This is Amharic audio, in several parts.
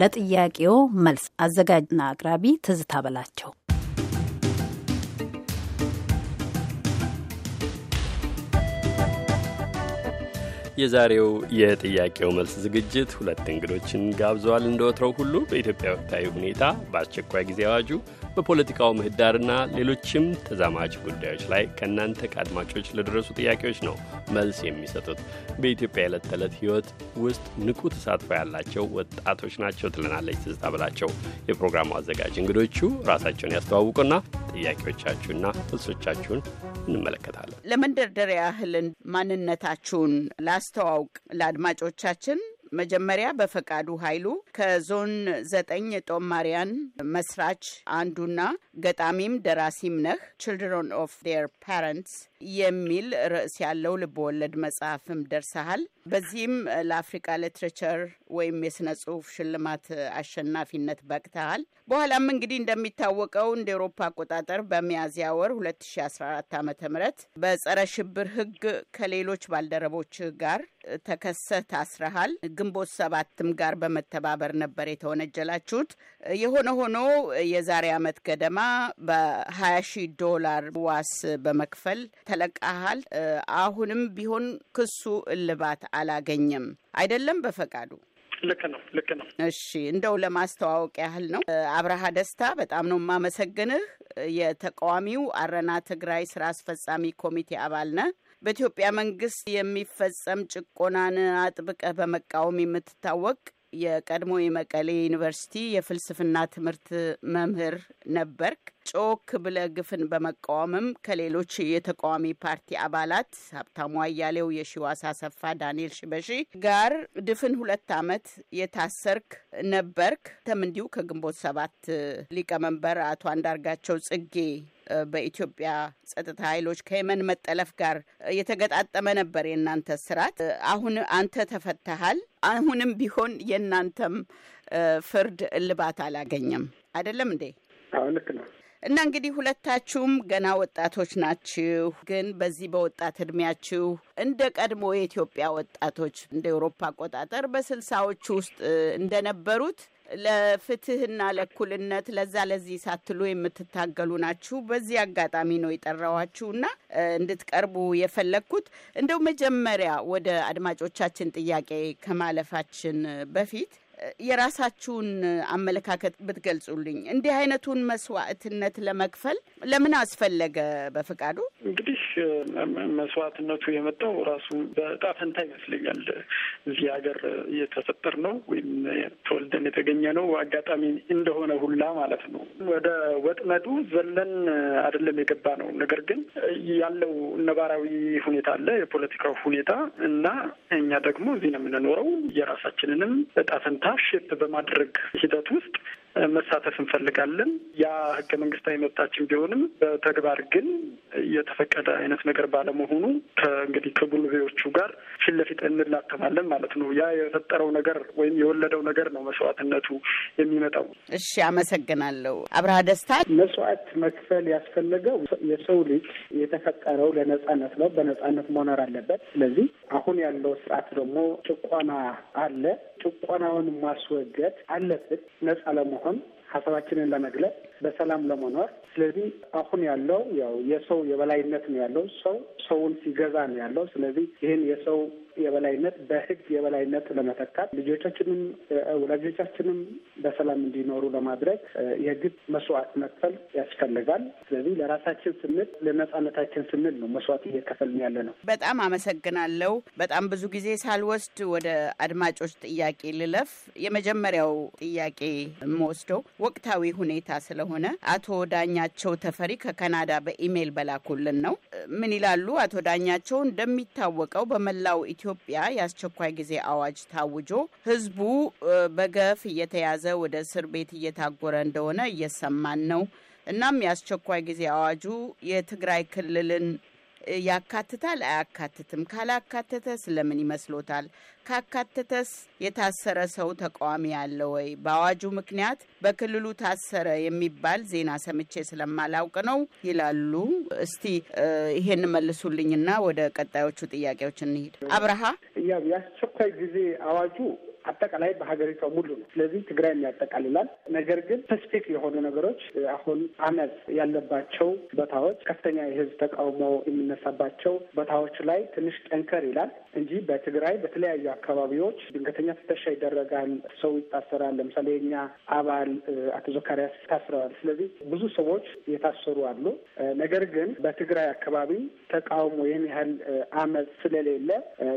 ለጥያቄው መልስ አዘጋጅና አቅራቢ ትዝታ በላቸው። የዛሬው የጥያቄው መልስ ዝግጅት ሁለት እንግዶችን ጋብዘዋል። እንደወትረው ሁሉ በኢትዮጵያ ወቅታዊ ሁኔታ፣ በአስቸኳይ ጊዜ አዋጁ በፖለቲካው ምህዳርና ሌሎችም ተዛማጅ ጉዳዮች ላይ ከእናንተ ከአድማጮች ለደረሱ ጥያቄዎች ነው መልስ የሚሰጡት። በኢትዮጵያ የዕለት ተዕለት ሕይወት ውስጥ ንቁ ተሳትፎ ያላቸው ወጣቶች ናቸው ትለናለች ትዝታ ብላቸው። የፕሮግራሙ አዘጋጅ እንግዶቹ ራሳቸውን ያስተዋውቁና ጥያቄዎቻችሁና መልሶቻችሁን እንመለከታለን። ለመንደርደሪያ ያህልን ማንነታችሁን ላስተዋውቅ ለአድማጮቻችን መጀመሪያ በፈቃዱ ኃይሉ ከዞን ዘጠኝ ጦማሪያን መስራች አንዱና ገጣሚም ደራሲም ነህ። ችልድረን ኦፍ ዴር ፓረንትስ የሚል ርዕስ ያለው ልብ ወለድ መጽሐፍም ደርሰሃል። በዚህም ለአፍሪቃ ሊትሬቸር ወይም የስነ ጽሁፍ ሽልማት አሸናፊነት በቅተሃል። በኋላም እንግዲህ እንደሚታወቀው እንደ ኤሮፓ አቆጣጠር በሚያዝያ ወር 2014 ዓ ም በጸረ ሽብር ህግ ከሌሎች ባልደረቦች ጋር ተከሰህ ታስረሃል። ግንቦት ሰባትም ጋር በመተባበር ነበር የተወነጀላችሁት። የሆነ ሆኖ የዛሬ ዓመት ገደማ በ20 ሺህ ዶላር ዋስ በመክፈል ተለቃሃል። አሁንም ቢሆን ክሱ እልባት አላገኘም አይደለም በፈቃዱ ልክ ነው፣ ልክ ነው። እሺ እንደው ለማስተዋወቅ ያህል ነው። አብርሃ ደስታ በጣም ነው የማመሰግንህ። የተቃዋሚው አረና ትግራይ ስራ አስፈጻሚ ኮሚቴ አባል ነህ። በኢትዮጵያ መንግስት የሚፈጸም ጭቆናን አጥብቀህ በመቃወም የምትታወቅ የቀድሞ የመቀሌ ዩኒቨርሲቲ የፍልስፍና ትምህርት መምህር ነበርክ። ጮክ ብለ ግፍን በመቃወምም ከሌሎች የተቃዋሚ ፓርቲ አባላት ሀብታሙ አያሌው፣ የሺዋስ አሰፋ፣ ዳንኤል ሽበሺ ጋር ድፍን ሁለት አመት የታሰርክ ነበርክ። ተም እንዲሁ ከግንቦት ሰባት ሊቀመንበር አቶ አንዳርጋቸው ጽጌ በኢትዮጵያ ጸጥታ ኃይሎች ከየመን መጠለፍ ጋር የተገጣጠመ ነበር የእናንተ ስርዓት። አሁን አንተ ተፈተሃል። አሁንም ቢሆን የእናንተም ፍርድ እልባት አላገኘም። አይደለም እንዴ? ልክ ነው። እና እንግዲህ ሁለታችሁም ገና ወጣቶች ናችሁ፣ ግን በዚህ በወጣት እድሜያችሁ እንደ ቀድሞ የኢትዮጵያ ወጣቶች እንደ ኤውሮፓ አቆጣጠር በስልሳዎቹ ውስጥ እንደነበሩት ለፍትህና ለእኩልነት ለዛ ለዚህ ሳትሉ የምትታገሉ ናችሁ። በዚህ አጋጣሚ ነው የጠራኋችሁና እንድትቀርቡ የፈለግኩት። እንደው መጀመሪያ ወደ አድማጮቻችን ጥያቄ ከማለፋችን በፊት የራሳችሁን አመለካከት ብትገልጹልኝ። እንዲህ አይነቱን መስዋዕትነት ለመክፈል ለምን አስፈለገ? በፍቃዱ እንግዲህ መስዋዕትነቱ የመጣው ራሱ በዕጣ ፈንታ ይመስለኛል። እዚህ ሀገር እየተፈጠር ነው ወይም ተወልደን የተገኘ ነው አጋጣሚ እንደሆነ ሁላ ማለት ነው። ወደ ወጥመዱ ዘለን አይደለም የገባ ነው። ነገር ግን ያለው ነባራዊ ሁኔታ አለ፣ የፖለቲካው ሁኔታ እና እኛ ደግሞ እዚህ ነው የምንኖረው። የራሳችንንም ዕጣ ፈንታ ሼፕ በማድረግ ሂደት ውስጥ መሳተፍ እንፈልጋለን። ያ ህገ መንግስታዊ መብታችን ቢሆንም በተግባር ግን የተፈቀደ አይነት ነገር ባለመሆኑ ከእንግዲህ ከጉልቤዎቹ ጋር ፊት ለፊት እንላተማለን ማለት ነው። ያ የፈጠረው ነገር ወይም የወለደው ነገር ነው መስዋዕትነቱ የሚመጣው። እሺ፣ አመሰግናለሁ። አብርሃ ደስታ። መስዋዕት መክፈል ያስፈለገው የሰው ልጅ የተፈጠረው ለነጻነት ነው። በነጻነት መኖር አለበት። ስለዚህ አሁን ያለው ስርዓት ደግሞ ጭቆና አለ። ጭቆናውን ማስወገድ አለበት ነጻ ለመሆን ሳይሆን ሀሳባችንን ለመግለጽ በሰላም ለመኖር። ስለዚህ አሁን ያለው ያው የሰው የበላይነት ነው ያለው። ሰው ሰውን ሲገዛ ነው ያለው። ስለዚህ ይህን የሰው የበላይነት በህግ የበላይነት ለመተካት ልጆቻችንም ወላጆቻችንም በሰላም እንዲኖሩ ለማድረግ የግድ መስዋዕት መክፈል ያስፈልጋል። ስለዚህ ለራሳችን ስንል ለነጻነታችን ስንል ነው መስዋዕት እየከፈልን ያለ ነው። በጣም አመሰግናለሁ። በጣም ብዙ ጊዜ ሳልወስድ ወደ አድማጮች ጥያቄ ልለፍ። የመጀመሪያው ጥያቄ የምወስደው ወቅታዊ ሁኔታ ስለሆነ እንደሆነ አቶ ዳኛቸው ተፈሪ ከካናዳ በኢሜይል በላኩልን ነው። ምን ይላሉ አቶ ዳኛቸው? እንደሚታወቀው በመላው ኢትዮጵያ የአስቸኳይ ጊዜ አዋጅ ታውጆ ህዝቡ በገፍ እየተያዘ ወደ እስር ቤት እየታጎረ እንደሆነ እየሰማን ነው። እናም የአስቸኳይ ጊዜ አዋጁ የትግራይ ክልልን ያካትታል አያካትትም? ካላካተተ ስለምን ይመስሎታል? ካካተተስ የታሰረ ሰው ተቃዋሚ ያለ ወይ? በአዋጁ ምክንያት በክልሉ ታሰረ የሚባል ዜና ሰምቼ ስለማላውቅ ነው ይላሉ። እስቲ ይሄን መልሱልኝና ወደ ቀጣዮቹ ጥያቄዎች እንሄድ አብርሃ የአስቸኳይ ጊዜ አዋጁ አጠቃላይ በሀገሪቷ ሙሉ ነው። ስለዚህ ትግራይም ያጠቃልላል። ነገር ግን ስፔሲፊክ የሆኑ ነገሮች አሁን አመፅ ያለባቸው ቦታዎች፣ ከፍተኛ የህዝብ ተቃውሞ የሚነሳባቸው ቦታዎች ላይ ትንሽ ጠንከር ይላል እንጂ በትግራይ በተለያዩ አካባቢዎች ድንገተኛ ፍተሻ ይደረጋል፣ ሰው ይታሰራል። ለምሳሌ የኛ አባል አቶ ዘካሪያስ ታስረዋል። ስለዚህ ብዙ ሰዎች የታሰሩ አሉ። ነገር ግን በትግራይ አካባቢ ተቃውሞ ይህን ያህል አመፅ ስለሌለ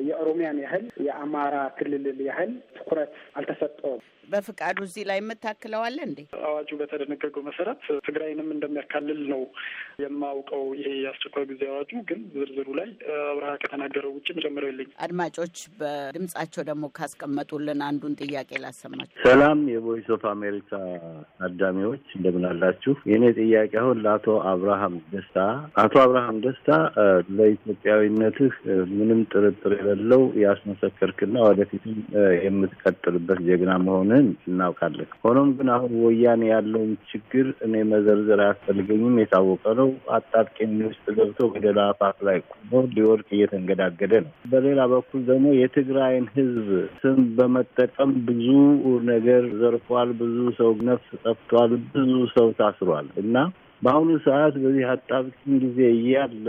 የኦሮሚያን ያህል የአማራ ክልል ያህል ትኩረት አልተሰጠውም። በፍቃዱ እዚህ ላይ የምታክለዋለ እንዴ? አዋጁ በተደነገገው መሰረት ትግራይንም እንደሚያካልል ነው የማውቀው ይሄ የአስቸኳይ ጊዜ አዋጁ ግን ዝርዝሩ ላይ አብርሃ ከተናገረው ውጭ መጨመሪያ የለኝ። አድማጮች በድምጻቸው ደግሞ ካስቀመጡልን አንዱን ጥያቄ ላሰማችሁ። ሰላም የቮይስ ኦፍ አሜሪካ ታዳሚዎች እንደምን አላችሁ? የእኔ ጥያቄ አሁን ለአቶ አብርሃም ደስታ አቶ አብርሃም ደስታ ለኢትዮጵያዊነትህ ምንም ጥርጥር የሌለው ያስመሰከርክና ወደፊትም የምትቀጥልበት ጀግና መሆንን እናውቃለን። ሆኖም ግን አሁን ወያኔ ያለውን ችግር እኔ መዘርዘር አያስፈልገኝም፣ የታወቀ ነው። ሰው አጣብቂኝ ውስጥ ገብቶ ገደል አፋፍ ላይ ቆሞ ሊወድቅ እየተንገዳገደ ነው። በሌላ በኩል ደግሞ የትግራይን ህዝብ ስም በመጠቀም ብዙ ነገር ዘርፏል፣ ብዙ ሰው ነፍስ ጠፍቷል፣ ብዙ ሰው ታስሯል እና በአሁኑ ሰዓት በዚህ አጣብቂኝ ጊዜ እያለ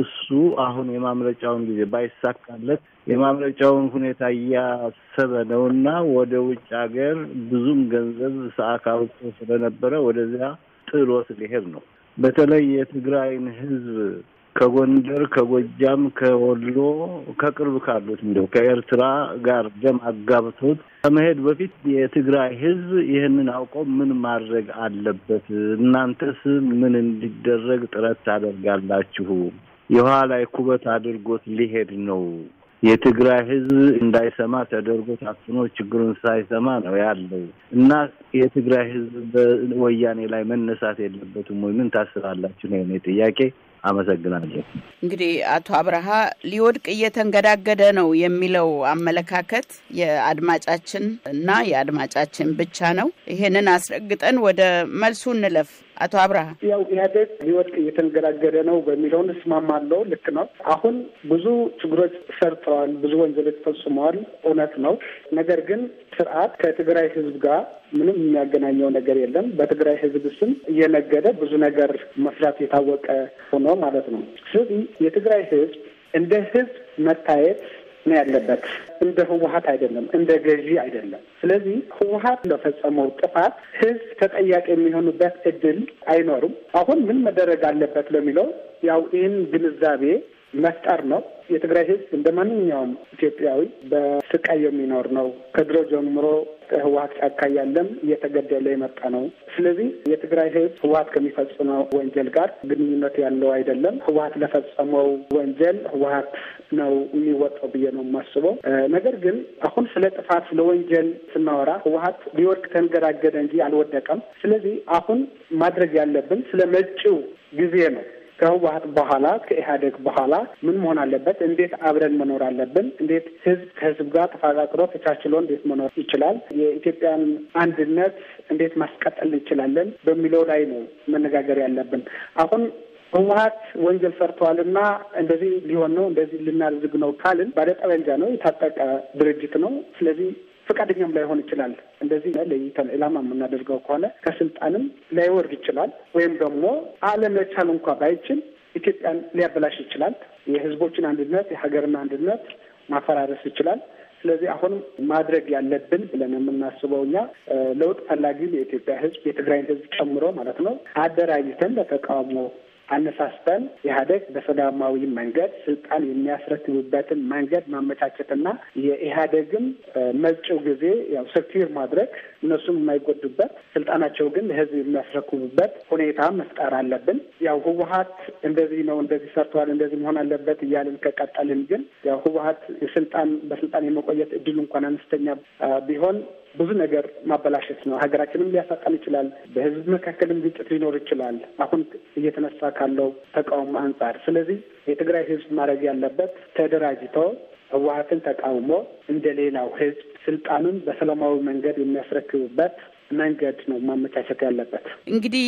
እሱ አሁን የማምለጫውን ጊዜ ባይሳካለት የማምለጫውን ሁኔታ እያሰበ ነው እና ወደ ውጭ ሀገር ብዙም ገንዘብ ሰአካ አውጥቶ ስለነበረ ወደዚያ ጥሎት ሊሄድ ነው። በተለይ የትግራይን ህዝብ ከጎንደር፣ ከጎጃም፣ ከወሎ ከቅርብ ካሉት እንዲሁ ከኤርትራ ጋር ደም አጋብቶት ከመሄድ በፊት የትግራይ ህዝብ ይህንን አውቆ ምን ማድረግ አለበት? እናንተስ ምን እንዲደረግ ጥረት ታደርጋላችሁ? የኋላ ኩበት አድርጎት ሊሄድ ነው የትግራይ ህዝብ እንዳይሰማ ተደርጎ ታፍኖ ችግሩን ሳይሰማ ነው ያለው እና የትግራይ ህዝብ በወያኔ ላይ መነሳት የለበትም ወይ? ምን ታስባላችሁ ነው የኔ ጥያቄ። አመሰግናለሁ። እንግዲህ አቶ አብርሃ ሊወድቅ እየተንገዳገደ ነው የሚለው አመለካከት የአድማጫችን እና የአድማጫችን ብቻ ነው። ይሄንን አስረግጠን ወደ መልሱ እንለፍ። አቶ አብርሃ ያው ኢህአዴግ ሊወድቅ እየተንገዳገደ ነው በሚለውን እስማማለሁ። ልክ ነው። አሁን ብዙ ችግሮች ሰርተዋል፣ ብዙ ወንጀሎች ፈጽመዋል። እውነት ነው። ነገር ግን ስርዓት ከትግራይ ህዝብ ጋር ምንም የሚያገናኘው ነገር የለም። በትግራይ ህዝብ ስም እየነገደ ብዙ ነገር መስራት የታወቀ ሆኖ ማለት ነው። ስለዚህ የትግራይ ህዝብ እንደ ህዝብ መታየት ነው ያለበት። እንደ ህወሀት አይደለም፣ እንደ ገዢ አይደለም። ስለዚህ ህወሀት ለፈጸመው ጥፋት ህዝብ ተጠያቂ የሚሆኑበት እድል አይኖሩም። አሁን ምን መደረግ አለበት ለሚለው ያው ይህን ግንዛቤ መፍጠር ነው። የትግራይ ህዝብ እንደ ማንኛውም ኢትዮጵያዊ በስቃይ የሚኖር ነው። ከድሮ ጀምሮ ህወሀት ጫካ ያለም እየተገደለ የመጣ ነው። ስለዚህ የትግራይ ህዝብ ህወሀት ከሚፈጽመው ወንጀል ጋር ግንኙነት ያለው አይደለም። ህወሀት ለፈጸመው ወንጀል ህወሀት ነው የሚወጣው ብዬ ነው የማስበው። ነገር ግን አሁን ስለ ጥፋት ስለ ወንጀል ስናወራ ህወሀት ሊወድቅ ተንገዳገደ እንጂ አልወደቀም። ስለዚህ አሁን ማድረግ ያለብን ስለ መጪው ጊዜ ነው። ከህወሀት በኋላ ከኢህአዴግ በኋላ ምን መሆን አለበት? እንዴት አብረን መኖር አለብን? እንዴት ህዝብ ከህዝብ ጋር ተፋቃቅሮ ተቻችሎ እንዴት መኖር ይችላል? የኢትዮጵያን አንድነት እንዴት ማስቀጠል እንችላለን? በሚለው ላይ ነው መነጋገር ያለብን አሁን ህወሀት ወንጀል ሰርተዋልና እንደዚህ ሊሆን ነው እንደዚህ ልናልዝግ ነው ካልን ባለጠመንጃ ነው፣ የታጠቀ ድርጅት ነው። ስለዚህ ፈቃደኛም ላይሆን ይችላል። እንደዚህ ለይተን ኢላማ የምናደርገው ከሆነ ከስልጣንም ላይወርድ ይችላል። ወይም ደግሞ አለመቻል እንኳ ባይችል ኢትዮጵያን ሊያበላሽ ይችላል። የህዝቦችን አንድነት የሀገርን አንድነት ማፈራረስ ይችላል። ስለዚህ አሁን ማድረግ ያለብን ብለን የምናስበው እኛ ለውጥ ፈላጊ የኢትዮጵያ ህዝብ የትግራይን ህዝብ ጨምሮ ማለት ነው አደራጅተን ለተቃውሞ አነሳስተን ኢህአዴግ በሰላማዊ መንገድ ስልጣን የሚያስረክብበትን መንገድ ማመቻቸትና የኢህአዴግም መጪው ጊዜ ያው ሰኪር ማድረግ እነሱም የማይጎዱበት ስልጣናቸው ግን ለህዝብ የሚያስረክቡበት ሁኔታ መፍጠር አለብን። ያው ህወሀት እንደዚህ ነው እንደዚህ ሰርተዋል እንደዚህ መሆን አለበት እያልን ከቀጠልን ግን ያው ህወሀት የስልጣን በስልጣን የመቆየት እድሉ እንኳን አነስተኛ ቢሆን ብዙ ነገር ማበላሸት ነው። ሀገራችንም ሊያሳጣን ይችላል። በህዝብ መካከልም ግጭት ሊኖር ይችላል አሁን እየተነሳ ካለው ተቃውሞ አንጻር። ስለዚህ የትግራይ ህዝብ ማድረግ ያለበት ተደራጅቶ ህወሀትን ተቃውሞ እንደ ሌላው ህዝብ ስልጣኑን በሰላማዊ መንገድ የሚያስረክብበት መንገድ ነው ማመቻቸት ያለበት። እንግዲህ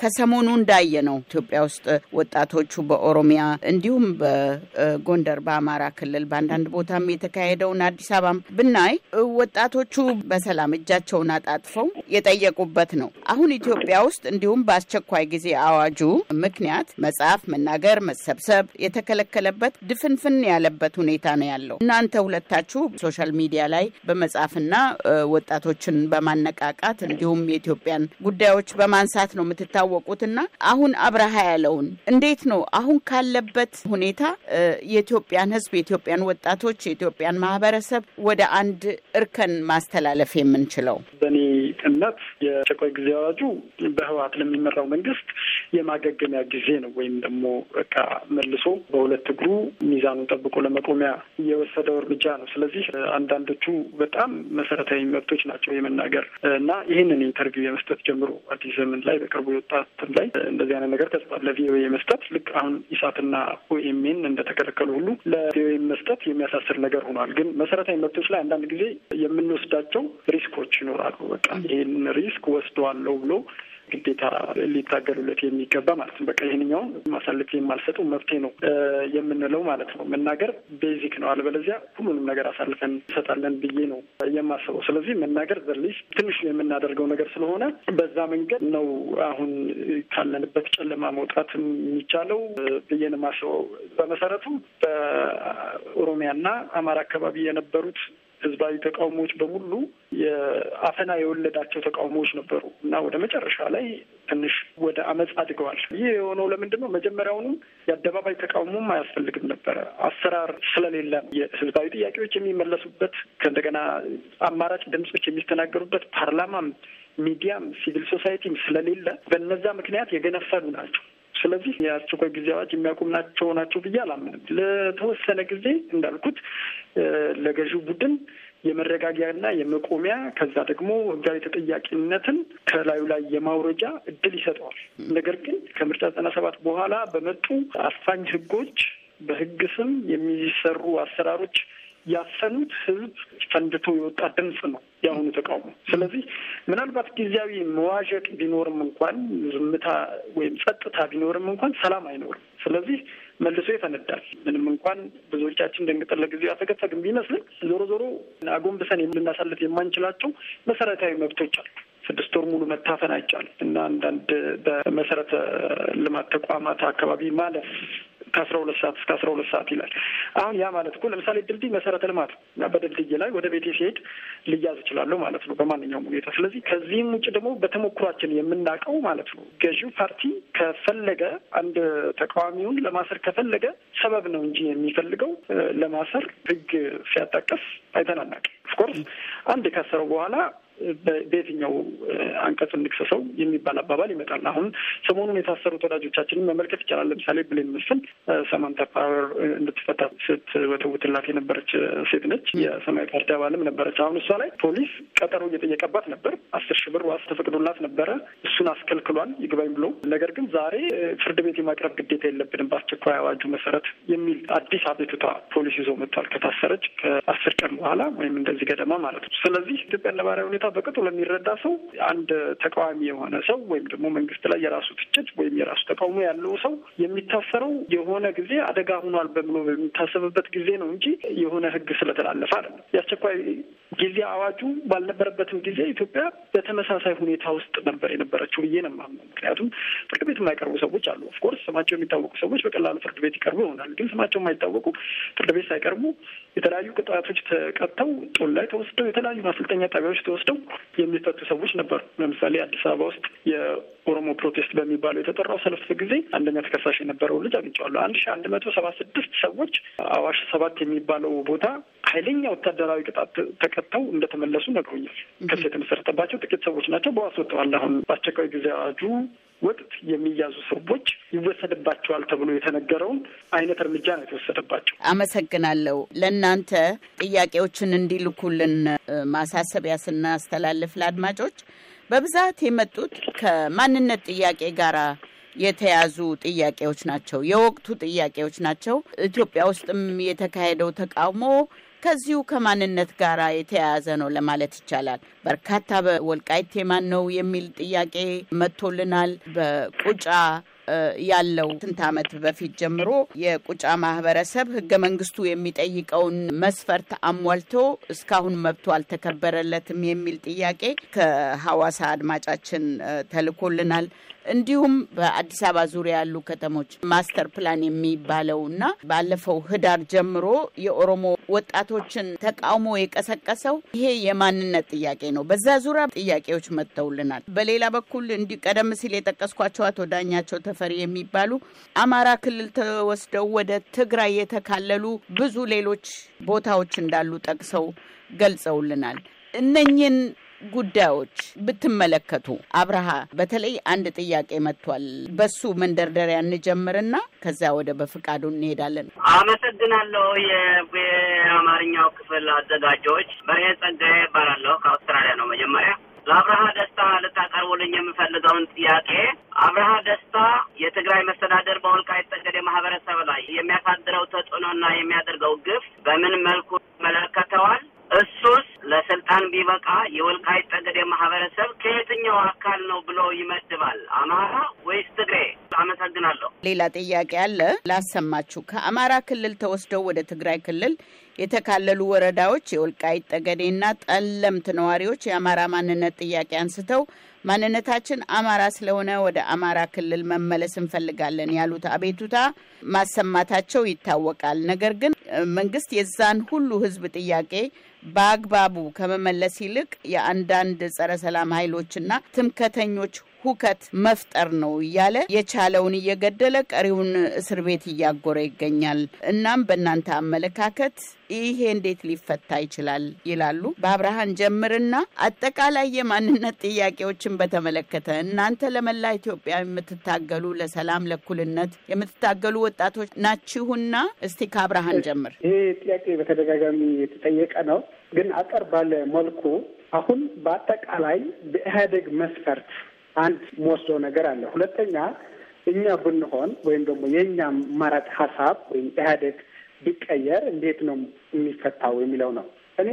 ከሰሞኑ እንዳየ ነው ኢትዮጵያ ውስጥ ወጣቶቹ በኦሮሚያ እንዲሁም በጎንደር በአማራ ክልል በአንዳንድ ቦታም የተካሄደውን አዲስ አበባም ብናይ ወጣቶቹ በሰላም እጃቸውን አጣጥፈው የጠየቁበት ነው። አሁን ኢትዮጵያ ውስጥ እንዲሁም በአስቸኳይ ጊዜ አዋጁ ምክንያት መጻፍ፣ መናገር፣ መሰብሰብ የተከለከለበት ድፍንፍን ያለበት ሁኔታ ነው ያለው። እናንተ ሁለታችሁ ሶሻል ሚዲያ ላይ በመጻፍና ወጣቶችን በማነቃ በማነቃቃት እንዲሁም የኢትዮጵያን ጉዳዮች በማንሳት ነው የምትታወቁትና አሁን አብረሃ ያለውን እንዴት ነው አሁን ካለበት ሁኔታ የኢትዮጵያን ሕዝብ የኢትዮጵያን ወጣቶች የኢትዮጵያን ማህበረሰብ ወደ አንድ እርከን ማስተላለፍ የምንችለው? በእኔ እምነት የአስቸኳይ ጊዜ አዋጁ በህወሓት ለሚመራው መንግስት የማገገሚያ ጊዜ ነው ወይም ደግሞ በቃ መልሶ በሁለት እግሩ ሚዛኑን ጠብቆ ለመቆሚያ የወሰደው እርምጃ ነው። ስለዚህ አንዳንዶቹ በጣም መሰረታዊ መብቶች ናቸው የመናገር እና ይህንን ኢንተርቪው የመስጠት ጀምሮ አዲስ ዘመን ላይ በቅርቡ የወጣትን ላይ እንደዚህ አይነት ነገር ተጽፏል። ለቪኦኤ መስጠት ልክ አሁን ኢሳትና ኦኤምኤን እንደተከለከሉ ሁሉ ለቪኦኤ መስጠት የሚያሳስር ነገር ሆኗል። ግን መሰረታዊ መብቶች ላይ አንዳንድ ጊዜ የምንወስዳቸው ሪስኮች ይኖራሉ። በቃ ይህን ሪስክ ወስደዋለው ብሎ ግዴታ ሊታገሉለት የሚገባ ማለት ነው። በቃ ይህንኛውን ማሳለፍ የማልሰጠው መብቴ ነው የምንለው ማለት ነው። መናገር ቤዚክ ነው። አለበለዚያ ሁሉንም ነገር አሳልፈን እንሰጣለን ብዬ ነው የማስበው። ስለዚህ መናገር ዘልሽ ትንሽ የምናደርገው ነገር ስለሆነ በዛ መንገድ ነው አሁን ካለንበት ጨለማ መውጣት የሚቻለው ብዬ ነው የማስበው። በመሰረቱ በኦሮሚያና አማራ አካባቢ የነበሩት ህዝባዊ ተቃውሞዎች በሙሉ የአፈና የወለዳቸው ተቃውሞዎች ነበሩ እና ወደ መጨረሻ ላይ ትንሽ ወደ አመፅ አድገዋል። ይህ የሆነው ለምንድን ነው? መጀመሪያውንም የአደባባይ ተቃውሞም አያስፈልግም ነበረ፣ አሰራር ስለሌለ የህዝባዊ ጥያቄዎች የሚመለሱበት ከእንደገና አማራጭ ድምጾች የሚስተናገሩበት ፓርላማም ሚዲያም ሲቪል ሶሳይቲም ስለሌለ በነዛ ምክንያት የገነፈሉ ናቸው። ስለዚህ የአስቸኳይ ጊዜ አዋጅ የሚያቆም ናቸው ናቸው ብዬ አላምንም። ለተወሰነ ጊዜ እንዳልኩት ለገዢው ቡድን የመረጋጊያና የመቆሚያ ከዛ ደግሞ ህጋዊ ተጠያቂነትን ከላዩ ላይ የማውረጃ እድል ይሰጠዋል። ነገር ግን ከምርጫ ዘጠና ሰባት በኋላ በመጡ አፋኝ ህጎች በህግ ስም የሚሰሩ አሰራሮች ያፈኑት ህዝብ ፈንድቶ የወጣ ድምፅ ነው የአሁኑ ተቃውሞ። ስለዚህ ምናልባት ጊዜያዊ መዋዠቅ ቢኖርም እንኳን ዝምታ ወይም ጸጥታ ቢኖርም እንኳን ሰላም አይኖርም። ስለዚህ መልሶ ይፈነዳል። ምንም እንኳን ብዙዎቻችን ደንግጠን ለጊዜው ያፈገፈግን ቢመስልም ዞሮ ዞሮ አጎንብሰን የምናሳልፍ የማንችላቸው መሰረታዊ መብቶች አሉ። ስድስት ወር ሙሉ መታፈን አይቻልም እና አንዳንድ በመሰረተ ልማት ተቋማት አካባቢ ማለፍ ከአስራ ሁለት ሰዓት እስከ አስራ ሁለት ሰዓት ይላል። አሁን ያ ማለት እኮ ለምሳሌ ድልድይ መሰረተ ልማት በድልድይ ላይ ወደ ቤቴ ሲሄድ ልያዝ እችላለሁ ማለት ነው በማንኛውም ሁኔታ። ስለዚህ ከዚህም ውጭ ደግሞ በተሞክሯችን የምናውቀው ማለት ነው ገዢው ፓርቲ ከፈለገ አንድ ተቃዋሚውን ለማሰር ከፈለገ ሰበብ ነው እንጂ የሚፈልገው ለማሰር ህግ ሲያጣቀስ አይተናናቅ ኦፍኮርስ አንድ ካሰረው በኋላ በየትኛው አንቀጽ እንክሰሰው የሚባል አባባል ይመጣል። አሁን ሰሞኑን የታሰሩት ወዳጆቻችንን መመልከት ይቻላል። ለምሳሌ ብሌን መስፍን ሰማንታ ፓወር እንድትፈታ ስትወተውትላት የነበረች ሴት ነች። የሰማያዊ ፓርቲ አባልም ነበረች። አሁን እሷ ላይ ፖሊስ ቀጠሮ እየጠየቀባት ነበር። አስር ሺህ ብር ዋስ ተፈቅዶላት ነበረ። እሱን አስከልክሏል ይግባኝ ብሎ። ነገር ግን ዛሬ ፍርድ ቤት የማቅረብ ግዴታ የለብንም በአስቸኳይ አዋጁ መሰረት የሚል አዲስ አቤቱታ ፖሊስ ይዞ መጥቷል። ከታሰረች ከአስር ቀን በኋላ ወይም እንደዚህ ገደማ ማለት ነው። ስለዚህ ኢትዮጵያን ለባህራዊ ሁኔታ በቅጡ ለሚረዳ ሰው አንድ ተቃዋሚ የሆነ ሰው ወይም ደግሞ መንግስት ላይ የራሱ ትችት ወይም የራሱ ተቃውሞ ያለው ሰው የሚታሰረው የሆነ ጊዜ አደጋ ሆኗል በምሎ በሚታሰብበት ጊዜ ነው እንጂ የሆነ ህግ ስለተላለፈ አይደለም። የአስቸኳይ ጊዜ አዋጁ ባልነበረበትም ጊዜ ኢትዮጵያ በተመሳሳይ ሁኔታ ውስጥ ነበር የነበረችው ብዬ ነው የማምነው። ምክንያቱም ፍርድ ቤት የማይቀርቡ ሰዎች አሉ። ኦፍኮርስ ስማቸው የሚታወቁ ሰዎች በቀላሉ ፍርድ ቤት ይቀርቡ ይሆናል። ግን ስማቸው የማይታወቁ ፍርድ ቤት ሳይቀርቡ የተለያዩ ቅጣቶች ተቀጥተው ጦል ላይ ተወስደው የተለያዩ ማሰልጠኛ ጣቢያዎች ተወስደው የሚፈቱ ሰዎች ነበሩ። ለምሳሌ አዲስ አበባ ውስጥ የኦሮሞ ፕሮቴስት በሚባለው የተጠራው ሰልፍ ጊዜ አንደኛ ተከሳሽ የነበረው ልጅ አግኝቼዋለሁ። አንድ ሺ አንድ መቶ ሰባ ስድስት ሰዎች አዋሽ ሰባት የሚባለው ቦታ ኃይለኛ ወታደራዊ ቅጣት ተቀ ተፈተው እንደተመለሱ ነግሮኛል። ክስ የተመሰረተባቸው ጥቂት ሰዎች ናቸው። በዋስ ወጥተዋል። አሁን በአስቸኳይ ጊዜ አዋጁ ወቅት የሚያዙ ሰዎች ይወሰድባቸዋል ተብሎ የተነገረውን አይነት እርምጃ ነው የተወሰደባቸው። አመሰግናለሁ። ለእናንተ ጥያቄዎችን እንዲልኩልን ማሳሰቢያ ስናስተላልፍ ለአድማጮች በብዛት የመጡት ከማንነት ጥያቄ ጋር የተያዙ ጥያቄዎች ናቸው። የወቅቱ ጥያቄዎች ናቸው። ኢትዮጵያ ውስጥም የተካሄደው ተቃውሞ ከዚሁ ከማንነት ጋር የተያያዘ ነው ለማለት ይቻላል። በርካታ በወልቃይቴ ማን ነው የሚል ጥያቄ መጥቶልናል። በቁጫ ያለው ስንት ዓመት በፊት ጀምሮ የቁጫ ማህበረሰብ ህገ መንግስቱ የሚጠይቀውን መስፈርት አሟልቶ እስካሁን መብቶ አልተከበረለትም የሚል ጥያቄ ከሐዋሳ አድማጫችን ተልኮልናል። እንዲሁም በአዲስ አበባ ዙሪያ ያሉ ከተሞች ማስተር ፕላን የሚባለው እና ባለፈው ህዳር ጀምሮ የኦሮሞ ወጣቶችን ተቃውሞ የቀሰቀሰው ይሄ የማንነት ጥያቄ ነው። በዛ ዙሪያ ጥያቄዎች መጥተውልናል። በሌላ በኩል እንዲ ቀደም ሲል የጠቀስኳቸው አቶ ዳኛቸው ተፈሪ የሚባሉ አማራ ክልል ተወስደው ወደ ትግራይ የተካለሉ ብዙ ሌሎች ቦታዎች እንዳሉ ጠቅሰው ገልጸውልናል። እነኝን ጉዳዮች ብትመለከቱ አብርሃ በተለይ አንድ ጥያቄ መጥቷል። በሱ መንደርደሪያ እንጀምርና ከዚያ ወደ በፍቃዱ እንሄዳለን። አመሰግናለሁ። የአማርኛው ክፍል አዘጋጆች በሬ ጸጋዬ ይባላለሁ። ከአውስትራሊያ ነው። መጀመሪያ ለአብርሃ ደስታ ልታቀርቡልኝ የምፈልገውን ጥያቄ አብርሃ ደስታ የትግራይ መስተዳደር በወልቃይት ጠገዴ ማህበረሰብ ላይ የሚያሳድረው ተጽዕኖና የሚያደርገው ግፍ በምን መልኩ ይመለከተዋል? እሱስ ለስልጣን ቢበቃ የወልቃይት ጠገዴ ማህበረሰብ ከየትኛው አካል ነው ብሎ ይመድባል? አማራ ወይስ ትግሬ? አመሰግናለሁ። ሌላ ጥያቄ አለ ላሰማችሁ። ከአማራ ክልል ተወስደው ወደ ትግራይ ክልል የተካለሉ ወረዳዎች የወልቃይት ጠገዴና ጠለምት ነዋሪዎች የአማራ ማንነት ጥያቄ አንስተው ማንነታችን አማራ ስለሆነ ወደ አማራ ክልል መመለስ እንፈልጋለን ያሉት አቤቱታ ማሰማታቸው ይታወቃል። ነገር ግን መንግስት የዛን ሁሉ ህዝብ ጥያቄ በአግባቡ ከመመለስ ይልቅ የአንዳንድ ጸረ ሰላም ኃይሎችና ትምከተኞች ሁከት መፍጠር ነው እያለ የቻለውን እየገደለ ቀሪውን እስር ቤት እያጎረ ይገኛል። እናም በእናንተ አመለካከት ይሄ እንዴት ሊፈታ ይችላል ይላሉ? በአብርሃን ጀምርና አጠቃላይ የማንነት ጥያቄዎችን በተመለከተ እናንተ ለመላ ኢትዮጵያ የምትታገሉ ለሰላም፣ ለእኩልነት የምትታገሉ ወጣቶች ናችሁና እስቲ ከአብርሃን ጀምር። ይሄ ጥያቄ በተደጋጋሚ የተጠየቀ ነው፣ ግን አጠር ባለ መልኩ አሁን በአጠቃላይ በኢህአዴግ መስፈርት አንድ መወስደው ነገር አለ። ሁለተኛ እኛ ብንሆን ወይም ደግሞ የእኛ አማራጭ ሀሳብ ወይም ኢህአዴግ ቢቀየር እንዴት ነው የሚፈታው የሚለው ነው። እኔ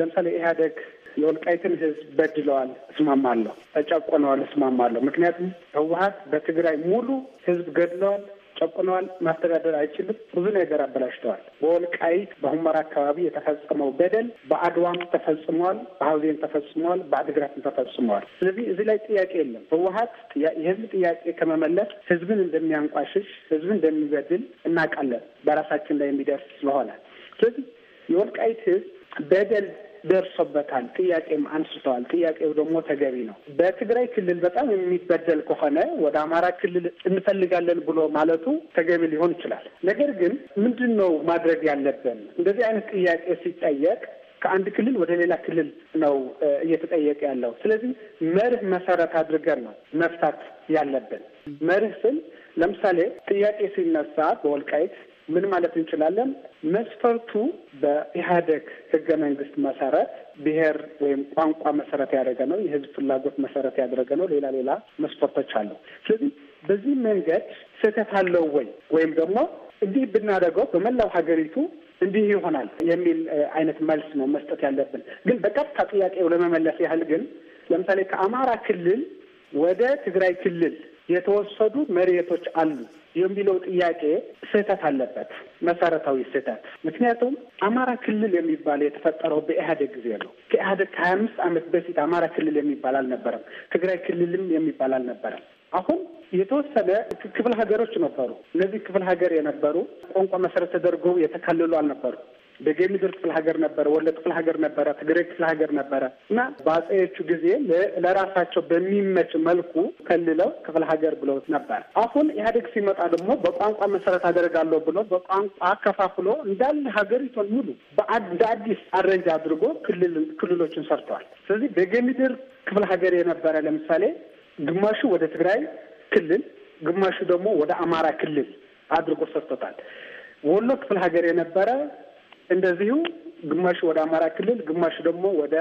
ለምሳሌ ኢህአዴግ የወልቃይትን ህዝብ በድለዋል፣ እስማማለሁ። ተጨቆነዋል፣ እስማማለሁ። ምክንያቱም ህወሀት በትግራይ ሙሉ ህዝብ ገድለዋል፣ ጨቁነዋል። ማስተዳደር አይችልም። ብዙ ነገር አበላሽተዋል። በወልቃይት በሁመራ አካባቢ የተፈጸመው በደል በአድዋም ተፈጽሟል፣ በሀውዜን ተፈጽሟል፣ በአድግራትም ተፈጽመዋል። ስለዚህ እዚህ ላይ ጥያቄ የለም። ህወሀት የህዝብ ጥያቄ ከመመለስ ህዝብን እንደሚያንቋሽሽ፣ ህዝብን እንደሚበድል እናውቃለን። በራሳችን ላይ የሚደርስ ስለሆነ ስለዚህ የወልቃይት ህዝብ በደል ደርሶበታል። ጥያቄም አንስተዋል። ጥያቄው ደግሞ ተገቢ ነው። በትግራይ ክልል በጣም የሚበደል ከሆነ ወደ አማራ ክልል እንፈልጋለን ብሎ ማለቱ ተገቢ ሊሆን ይችላል። ነገር ግን ምንድን ነው ማድረግ ያለብን? እንደዚህ አይነት ጥያቄ ሲጠየቅ ከአንድ ክልል ወደ ሌላ ክልል ነው እየተጠየቀ ያለው። ስለዚህ መርህ መሰረት አድርገን ነው መፍታት ያለብን። መርህ ስል ለምሳሌ ጥያቄ ሲነሳ በወልቃይት ምን ማለት እንችላለን? መስፈርቱ በኢህአደግ ህገ መንግስት መሰረት ብሔር ወይም ቋንቋ መሰረት ያደረገ ነው። የህዝብ ፍላጎት መሰረት ያደረገ ነው። ሌላ ሌላ መስፈርቶች አለው። ስለዚህ በዚህ መንገድ ስህተት አለው ወይ ወይም ደግሞ እንዲህ ብናደርገው በመላው ሀገሪቱ እንዲህ ይሆናል የሚል አይነት መልስ ነው መስጠት ያለብን። ግን በቀጥታ ጥያቄው ለመመለስ ያህል ግን ለምሳሌ ከአማራ ክልል ወደ ትግራይ ክልል የተወሰዱ መሬቶች አሉ የሚለው ጥያቄ ስህተት አለበት፣ መሰረታዊ ስህተት። ምክንያቱም አማራ ክልል የሚባል የተፈጠረው በኢህአዴግ ጊዜ ነው። ከኢህአዴግ ከሀያ አምስት ዓመት በፊት አማራ ክልል የሚባል አልነበረም። ትግራይ ክልልም የሚባል አልነበረም። አሁን የተወሰነ ክፍለ ሀገሮች ነበሩ። እነዚህ ክፍለ ሀገር የነበሩ ቋንቋ መሰረት ተደርገው የተከልሉ አልነበሩ። ደገሚድር ክፍለ ሀገር ነበረ፣ ወሎ ክፍለ ሀገር ነበረ፣ ትግራይ ክፍለ ሀገር ነበረ እና በአጼዎቹ ጊዜ ለራሳቸው በሚመች መልኩ ከልለው ክፍለ ሀገር ብለውት ነበር። አሁን ኢህአዴግ ሲመጣ ደግሞ በቋንቋ መሰረት አደርጋለሁ ብሎ በቋንቋ አከፋፍሎ እንዳለ ሀገሪቱን ሙሉ እንደ አዲስ አረንጅ አድርጎ ክልሎችን ሰርተዋል። ስለዚህ ደገሚድር ክፍለ ሀገር የነበረ ለምሳሌ ግማሹ ወደ ትግራይ ክልል ግማሹ ደግሞ ወደ አማራ ክልል አድርጎ ሰርቶታል። ወሎ ክፍለ ሀገር የነበረ እንደዚሁ ግማሽ ወደ አማራ ክልል፣ ግማሽ ደግሞ ወደ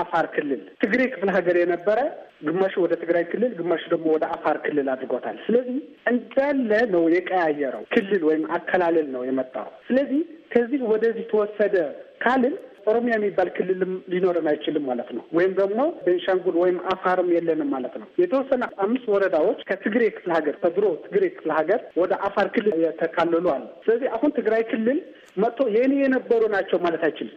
አፋር ክልል ትግሬ ክፍለ ሀገር የነበረ ግማሽ ወደ ትግራይ ክልል፣ ግማሽ ደግሞ ወደ አፋር ክልል አድርጎታል። ስለዚህ እንዳለ ነው የቀያየረው ክልል ወይም አከላለል ነው የመጣው። ስለዚህ ከዚህ ወደዚህ ተወሰደ ካልን ኦሮሚያ የሚባል ክልልም ሊኖረን አይችልም ማለት ነው። ወይም ደግሞ ቤንሻንጉል ወይም አፋርም የለንም ማለት ነው። የተወሰነ አምስት ወረዳዎች ከትግሬ ክፍለ ሀገር ከድሮ ትግሬ ክፍለ ሀገር ወደ አፋር ክልል የተካለሉ አሉ። ስለዚህ አሁን ትግራይ ክልል መጥቶ የኔ የነበሩ ናቸው ማለት አይችልም።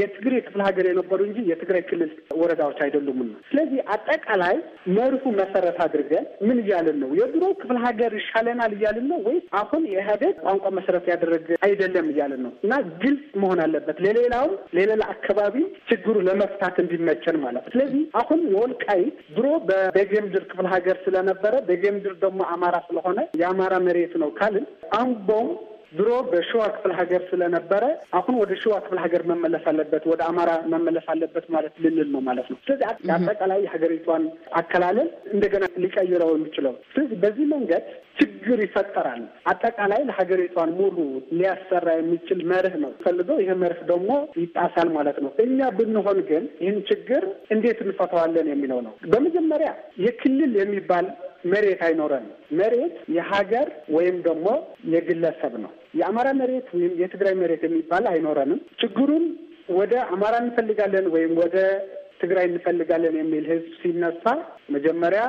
የትግሬ ክፍለ ሀገር የነበሩ እንጂ የትግራይ ክልል ወረዳዎች አይደሉምና፣ ስለዚህ አጠቃላይ መርሁ መሰረት አድርገን ምን እያልን ነው? የድሮ ክፍለ ሀገር ይሻለናል እያልን ነው ወይስ አሁን የኢህአዴግ ቋንቋ መሰረት ያደረገ አይደለም እያልን ነው? እና ግልጽ መሆን አለበት ለሌላው ለሌላ አካባቢ ችግሩ ለመፍታት እንዲመቸን ማለት ነው። ስለዚህ አሁን የወልቃይት ድሮ በቤጌምድር ክፍለ ሀገር ስለነበረ ቤጌምድር ደግሞ አማራ ስለሆነ የአማራ መሬት ነው ካልን አምቦም ድሮ በሸዋ ክፍለ ሀገር ስለነበረ አሁን ወደ ሸዋ ክፍለ ሀገር መመለስ አለበት፣ ወደ አማራ መመለስ አለበት ማለት ልንል ነው ማለት ነው። ስለዚህ አጠቃላይ የሀገሪቷን አከላለል እንደገና ሊቀይረው የሚችለው ስለዚህ በዚህ መንገድ ችግር ይፈጠራል። አጠቃላይ ለሀገሪቷን ሙሉ ሊያሰራ የሚችል መርህ ነው ፈልገው፣ ይህ መርህ ደግሞ ይጣሳል ማለት ነው። እኛ ብንሆን ግን ይህን ችግር እንዴት እንፈተዋለን የሚለው ነው። በመጀመሪያ የክልል የሚባል መሬት አይኖረንም። መሬት የሀገር ወይም ደግሞ የግለሰብ ነው። የአማራ መሬት ወይም የትግራይ መሬት የሚባል አይኖረንም። ችግሩን ወደ አማራ እንፈልጋለን ወይም ወደ ትግራይ እንፈልጋለን የሚል ህዝብ ሲነሳ መጀመሪያ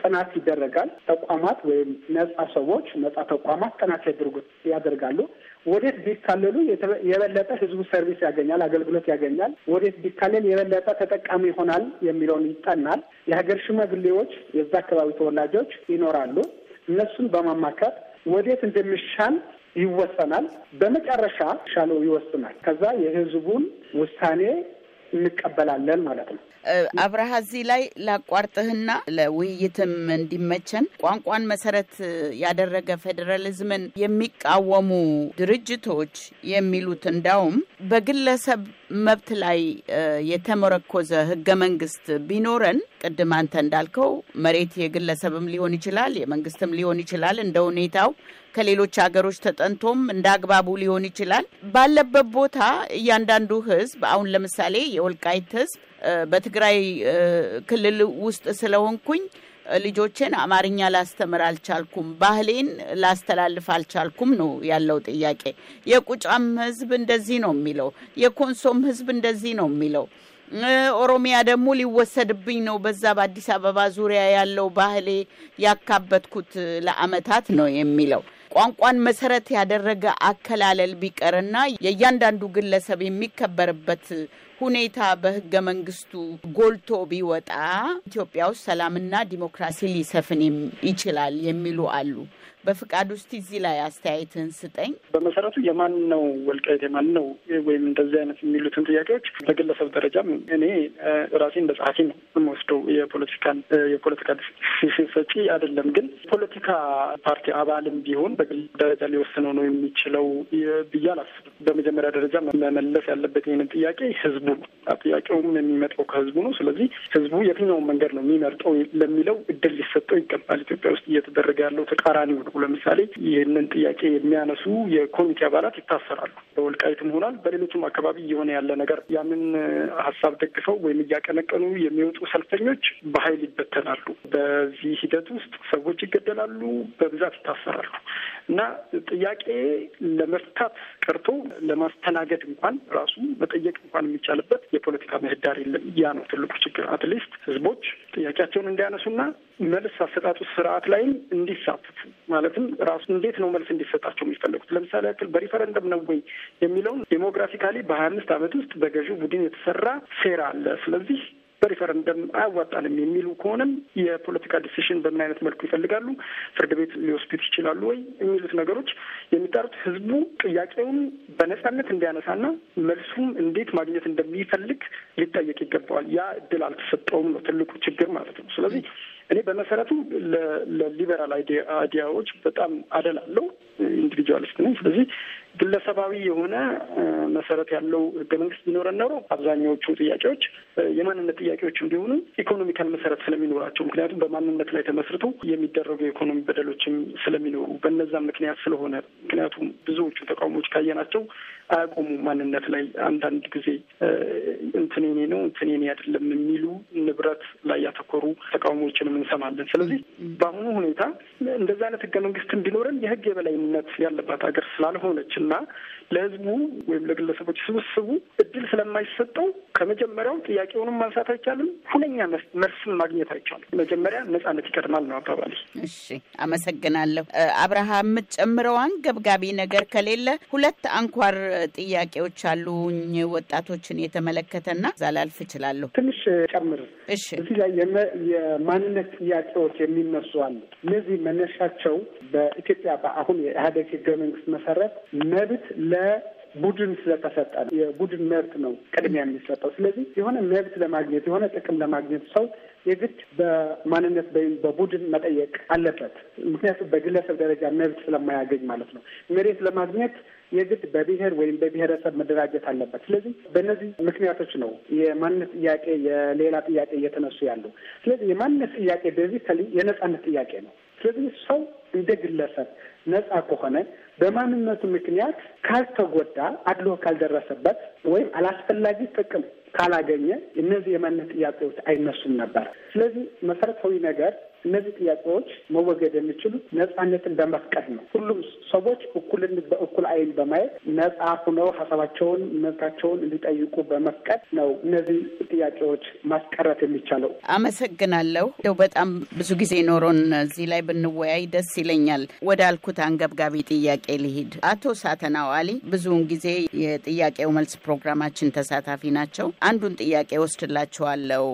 ጥናት ይደረጋል። ተቋማት ወይም ነጻ ሰዎች ነጻ ተቋማት ጥናት ያደርጋሉ። ወዴት ቢካለሉ የበለጠ ህዝቡ ሰርቪስ ያገኛል፣ አገልግሎት ያገኛል፣ ወዴት ቢካለል የበለጠ ተጠቃሚ ይሆናል የሚለውን ይጠናል። የሀገር ሽማግሌዎች፣ የዛ አካባቢ ተወላጆች ይኖራሉ። እነሱን በማማከር ወዴት እንደሚሻል ይወሰናል። በመጨረሻ ሻለው ይወስናል። ከዛ የህዝቡን ውሳኔ እንቀበላለን ማለት ነው። አብረሃ እዚህ ላይ ላቋርጥህና ለውይይትም እንዲመቸን ቋንቋን መሰረት ያደረገ ፌዴራሊዝምን የሚቃወሙ ድርጅቶች የሚሉት እንዳውም በግለሰብ መብት ላይ የተመረኮዘ ህገ መንግስት ቢኖረን ቅድም አንተ እንዳልከው መሬት የግለሰብም ሊሆን ይችላል፣ የመንግስትም ሊሆን ይችላል እንደ ሁኔታው ከሌሎች ሀገሮች ተጠንቶም እንደ አግባቡ ሊሆን ይችላል። ባለበት ቦታ እያንዳንዱ ህዝብ አሁን ለምሳሌ የወልቃይት ህዝብ በትግራይ ክልል ውስጥ ስለሆንኩኝ ልጆችን አማርኛ ላስተምር አልቻልኩም፣ ባህሌን ላስተላልፍ አልቻልኩም ነው ያለው ጥያቄ። የቁጫም ህዝብ እንደዚህ ነው የሚለው፣ የኮንሶም ህዝብ እንደዚህ ነው የሚለው። ኦሮሚያ ደግሞ ሊወሰድብኝ ነው፣ በዛ በአዲስ አበባ ዙሪያ ያለው ባህሌ ያካበትኩት ለአመታት ነው የሚለው። ቋንቋን መሰረት ያደረገ አከላለል ቢቀርና የእያንዳንዱ ግለሰብ የሚከበርበት ሁኔታ በህገ መንግስቱ ጎልቶ ቢወጣ ኢትዮጵያ ውስጥ ሰላምና ዲሞክራሲ ሊሰፍን ይችላል የሚሉ አሉ። በፍቃድ ውስጥ እዚህ ላይ አስተያየትን ስጠኝ። በመሰረቱ የማን ነው ወልቃይት የማን ነው ወይም እንደዚህ አይነት የሚሉትን ጥያቄዎች በግለሰብ ደረጃም እኔ ራሴ እንደ ጸሐፊ ነው የምወስደው። የፖለቲካን የፖለቲካ ሰጪ አይደለም፣ ግን ፖለቲካ ፓርቲ አባልም ቢሆን በግል ደረጃ ሊወስነው ነው የሚችለው ብዬ አላስብም። በመጀመሪያ ደረጃ መመለስ ያለበት ይህንን ጥያቄ ህዝቡ ነው። ጥያቄውም የሚመጣው ከህዝቡ ነው። ስለዚህ ህዝቡ የትኛውን መንገድ ነው የሚመርጠው ለሚለው እድል ሊሰጠው ይገባል። ኢትዮጵያ ውስጥ እየተደረገ ያለው ተቃራኒው ነው። ለምሳሌ ይህንን ጥያቄ የሚያነሱ የኮሚቴ አባላት ይታሰራሉ። በወልቃይትም ሆናል በሌሎችም አካባቢ እየሆነ ያለ ነገር ያንን ሀሳብ ደግፈው ወይም እያቀነቀኑ የሚወጡ ሰልፈኞች በኃይል ይበተናሉ። በዚህ ሂደት ውስጥ ሰዎች ይገደላሉ፣ በብዛት ይታሰራሉ እና ጥያቄ ለመፍታት ቀርቶ ለማስተናገድ እንኳን ራሱ መጠየቅ እንኳን የሚቻል የሚቻልበት የፖለቲካ ምህዳር የለም። ያ ነው ትልቁ ችግር። አትሊስት ህዝቦች ጥያቄያቸውን እንዲያነሱና መልስ አሰጣጡ ስርዓት ላይም እንዲሳትፉ ማለትም ራሱ እንዴት ነው መልስ እንዲሰጣቸው የሚፈለጉት። ለምሳሌ ያክል በሪፈረንደም ነው ወይ የሚለውን ዴሞግራፊካሊ በሀያ አምስት አመት ውስጥ በገዢው ቡድን የተሰራ ሴራ አለ። ስለዚህ በሪፈረንደም አያዋጣንም የሚሉ ከሆነም የፖለቲካ ዲሲሽን በምን አይነት መልኩ ይፈልጋሉ፣ ፍርድ ቤት ሊወስዱት ይችላሉ ወይ የሚሉት ነገሮች የሚጣሩት ህዝቡ ጥያቄውን በነጻነት እንዲያነሳና መልሱም እንዴት ማግኘት እንደሚፈልግ ሊጠየቅ ይገባዋል። ያ እድል አልተሰጠውም ነው ትልቁ ችግር ማለት ነው። ስለዚህ እኔ በመሰረቱ ለሊበራል አይዲያዎች በጣም አደላለሁ። ኢንዲቪጁዋሊስት ነኝ። ስለዚህ ግለሰባዊ የሆነ መሰረት ያለው ህገ መንግስት ቢኖረን ኖሮ አብዛኛዎቹ ጥያቄዎች የማንነት ጥያቄዎች እንዲሆኑ ኢኮኖሚካል መሰረት ስለሚኖራቸው ምክንያቱም በማንነት ላይ ተመስርቶ የሚደረጉ የኢኮኖሚ በደሎችም ስለሚኖሩ በነዛም ምክንያት ስለሆነ ምክንያቱም ብዙዎቹ ተቃውሞዎች ካየናቸው አያቆሙ ማንነት ላይ አንዳንድ ጊዜ እንትን የኔ ነው እንትን የኔ አይደለም የሚሉ ንብረት ላይ ያተኮሩ ተቃውሞዎችንም እንሰማለን። ስለዚህ በአሁኑ ሁኔታ እንደዚህ አይነት ህገ መንግስት ቢኖረን የህግ የበላይነት ያለባት ሀገር ስላልሆነች እና ለህዝቡ ወይም ለግለሰቦች ስብስቡ እድል ስለማይሰጠው ከመጀመሪያው ጥያቄውንም ማንሳት አይቻልም፣ ሁነኛ መልስም ማግኘት አይቻልም። መጀመሪያ ነጻነት ይቀድማል ነው አባባል። እሺ አመሰግናለሁ። አብርሃ፣ የምትጨምረው አንገብጋቢ ነገር ከሌለ ሁለት አንኳር ጥያቄዎች አሉኝ ወጣቶችን የተመለከተና እዛ ላልፍ እችላለሁ። ትንሽ ጨምር። እሺ እዚህ ላይ የማንነት ጥያቄዎች የሚነሱ አሉ። እነዚህ መነሻቸው በኢትዮጵያ በአሁን የኢህአዴግ ህገ መንግስት መሰረት መብት ለቡድን ስለተሰጠ ነው። የቡድን መብት ነው ቅድሚያ የሚሰጠው። ስለዚህ የሆነ መብት ለማግኘት የሆነ ጥቅም ለማግኘት ሰው የግድ በማንነት ወይም በቡድን መጠየቅ አለበት። ምክንያቱም በግለሰብ ደረጃ መብት ስለማያገኝ ማለት ነው። መሬት ለማግኘት የግድ በብሔር ወይም በብሔረሰብ መደራጀት አለበት። ስለዚህ በእነዚህ ምክንያቶች ነው የማንነት ጥያቄ የሌላ ጥያቄ እየተነሱ ያሉ። ስለዚህ የማንነት ጥያቄ በዚህ ከልይ የነጻነት ጥያቄ ነው። ስለዚህ ሰው እንደ ግለሰብ ነጻ ከሆነ በማንነቱ ምክንያት ካልተጎዳ፣ አድሎ ካልደረሰበት ወይም አላስፈላጊ ጥቅም ካላገኘ እነዚህ የማንነት ጥያቄዎች አይነሱም ነበር። ስለዚህ መሰረታዊ ነገር እነዚህ ጥያቄዎች መወገድ የሚችሉት ነጻነትን በመፍቀድ ነው። ሁሉም ሰዎች እኩልን በእኩል አይን በማየት ነጻ ሁነው ሀሳባቸውን መብታቸውን እንዲጠይቁ በመፍቀድ ነው እነዚህ ጥያቄዎች ማስቀረት የሚቻለው። አመሰግናለሁ። ው በጣም ብዙ ጊዜ ኖሮን እዚህ ላይ ብንወያይ ደስ ይለኛል። ወደ አልኩት አንገብጋቢ ጥያቄ ልሂድ። አቶ ሳተናው አሊ ብዙውን ጊዜ የጥያቄው መልስ ፕሮግራማችን ተሳታፊ ናቸው። አንዱን ጥያቄ ወስድላቸዋለው